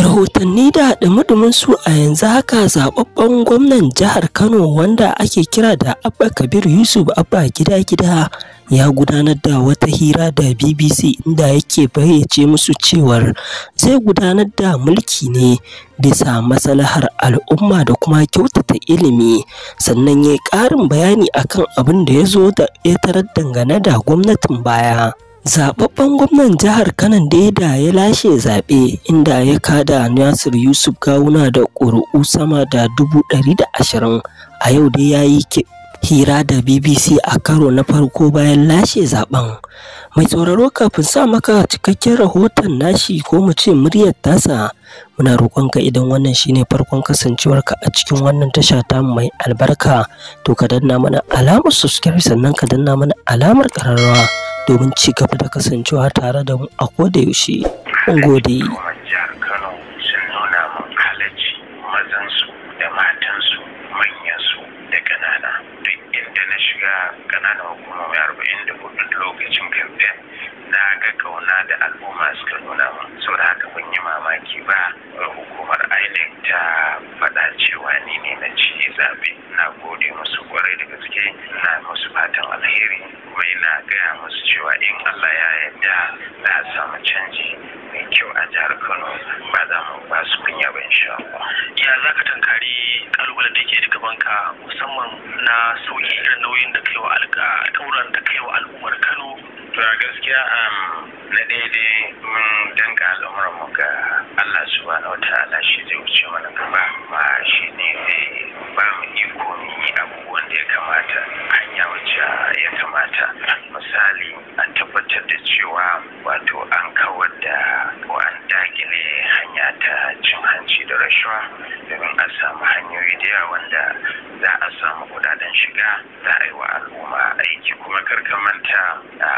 rahotanni da dumudumin su a yanzu haka zababben gwamnan jihar kano wanda ake kira da abba kabir yusuf abba gida gida ya gudanar da wata hira da bbc inda yake bayyace musu cewar zai gudanar da mulki ne bisa masalahar al'umma da kuma kyautata ilimi sannan ya yi ƙarin bayani akan abin da ya zo da ya tarar dangane da gwamnatin baya Zababben gwamnan jihar Kanan daida ya lashe zaɓe inda ya kada Nasir Yusuf Gawuna da ƙuri'u sama da dubu ɗari da ashirin a yau dai ya yi hira da BBC a karo na farko bayan lashe zaben. Mai tsoraro kafin sa maka cikakken rahoton nashi ko mu ce muryar tasa muna roƙonka idan wannan shine farkon kasancewarka a cikin wannan tasha ta mai albarka to ka danna mana alamar subscribe sannan ka danna mana alamar ƙararrawa. domin ci gaba da kasancewa tare da mu a koda yaushe. gode. ƙananan hukumomi arba'in da hudu lokacin kamfen na ga kauna da al'umma suka nuna gode musu kwarai da gaske na musu fatan alheri kuma ina gaya musu cewa in Allah ya yarda za a samu canji mai kyau a jihar Kano ba za mu ba su kunya ba insha Allah. Ya za tankari kalubalen da ke da banka? musamman na sauki irin nauyin da kaiwa alƙa dauran da kaiwa al'ummar Kano. To gaskiya um, na daidai mun danka al'umar mu ga Allah subhanahu wa ta'ala shi zai wuce mana gaba ma shi ne zai ba mu tabbatar da cewa wato an kawar da ko an dakile hanya ta cin hanci da rashawa domin a samu hanyoyi da yawa wanda za a samu kudaden shiga za a yi wa al'umma aiki kuma karkamanta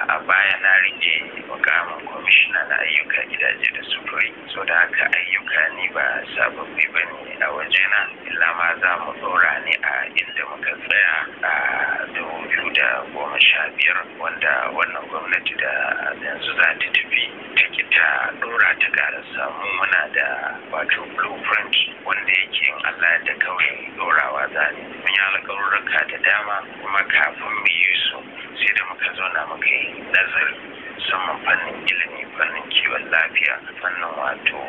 a baya na rike mukamin kwamishina na ayyuka gidaje da sufuri so da haka ayyuka ni ba sababbi ba ne a wajena illa ma za mu ɗora ne a inda muka tsaya da goma sha biyar wanda wannan gwamnati da yanzu za ta tafi take ta dora ta gara samu muna da wato blueprint wanda yake in Allah da kawai dorawa za ne mun yi alƙawarurruka da dama kuma kafin mu yi su sai da muka zauna muka yi nazari musamman fannin ilimi lafiya fannin wato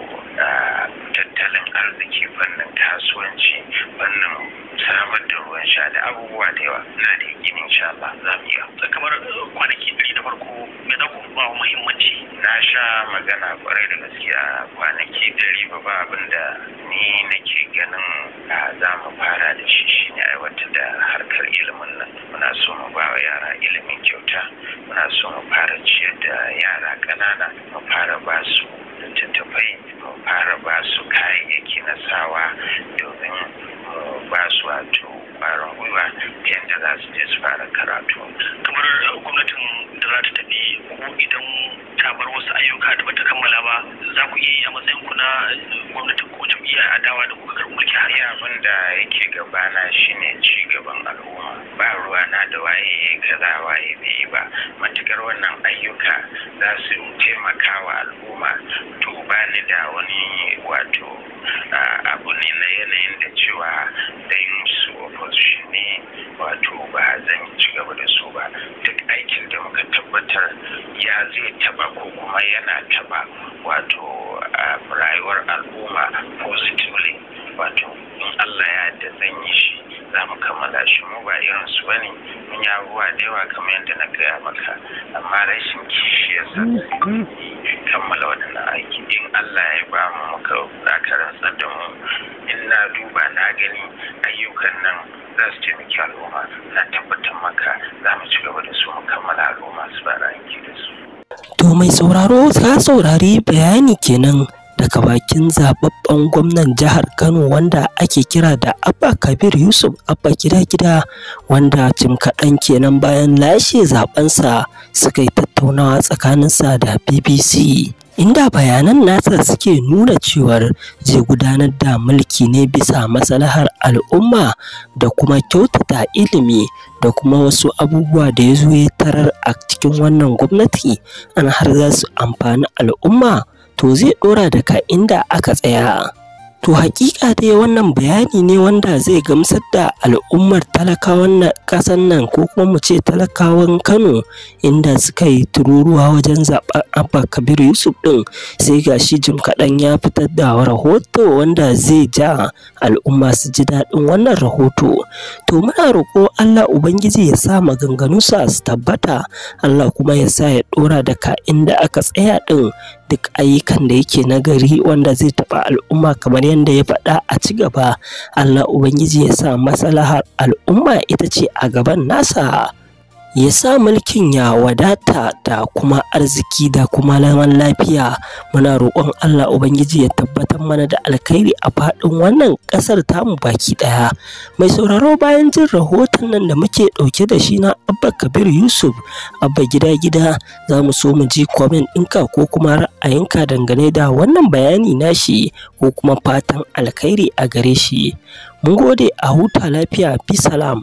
tattalin arziki fannin kasuwanci fannin samar da ruwan sha da abubuwa da yawa na da yakin insha Allah za mu iya kamar eh, kwanaki ɗari da farko me za ku ba muhimmanci na sha magana kwarai da gaskiya kwanaki ɗari ba ba abin da ni nake ganin za mu fara da shi shine aiwatar da harkar ilimin nan muna so mu ba wa yara ilimin kyauta muna so mu fara ciyar da yara ƙanana mu fara ba su littattafai mu fara ba su kayayyaki na sawa domin mu ba su wato ƙwarin gwiwa yadda za su je su fara karatu kamar gwamnatin da za ta tafi ko idan ta bar wasu ayyuka da bata da waye ya kaza waye bai ba matukar wannan ayyuka za su taimaka wa al'umma to ba ni da wani wato abu ne na yanayin da cewa dan su opposition ne wato ba zan ci gaba da su ba duk aikin da muka tabbatar ya zai taba ko kuma yana taba wato rayuwar al'umma positively wato in Allah ya yadda zan yi shi za mu kammala shi mu ba irin su ne. mun yi abubuwa da yawa kamar yadda na gaya maka amma rashin kishi ya sa kammala waɗannan aiki in Allah ya ba mu muka aka tsada da mu in na duba na gani ayyukan nan za su taimaki al'umma na tabbatar maka za mu ci gaba da su mu kammala al'umma su ba da su. To mai sauraro ka saurari bayani kenan daga bakin zababben gwamnan jihar Kano wanda ake kira da Abba Kabir Yusuf Abba gida-gida wanda jim kaɗan kenan bayan lashe zabensa suka yi tattaunawa tsakaninsa da BBC. inda bayanan nasa suke nuna cewar je gudanar da mulki ne bisa maslahar al'umma da kuma kyautata ilimi da kuma wasu abubuwa da ya zo ya tarar a cikin wannan gwamnati an har za su amfani al'umma to zai ɗora ka inda aka tsaya. To hakika dai wannan bayani ne wanda zai gamsar da al'ummar talakawan kasan nan ko kuma mu ce talakawan Kano inda suka yi tururuwa wajen zaɓen Abba Kabir Yusuf ɗin sai ga shi jim kaɗan ya fitar da rahoto wanda zai ja al'umma su ji daɗin wannan rahoto. To muna roƙo Allah Ubangiji ya sa maganganu su tabbata Allah kuma ya sa ya ɗora ka inda aka tsaya ɗin duk ayyukan da yake nagari wanda zai taɓa al'umma kamar yadda ya faɗa a ci gaba Allah Ubangiji ya sa maslahar al'umma ita ce a gaban nasa. ya sa mulkin ya wadata da kuma arziki da kuma laman lafiya muna roƙon Allah Ubangiji ya tabbatar mana da alkhairi a faɗin wannan ƙasar tamu baki ɗaya mai sauraro bayan jin rahoton nan da muke ɗauke da shi na Abba Kabir Yusuf Abba gida gida za mu so mu ji komen ɗinka ko kuma ra'ayinka dangane da wannan bayani nashi ko kuma fatan alkhairi a gare shi mun gode a huta lafiya bi salam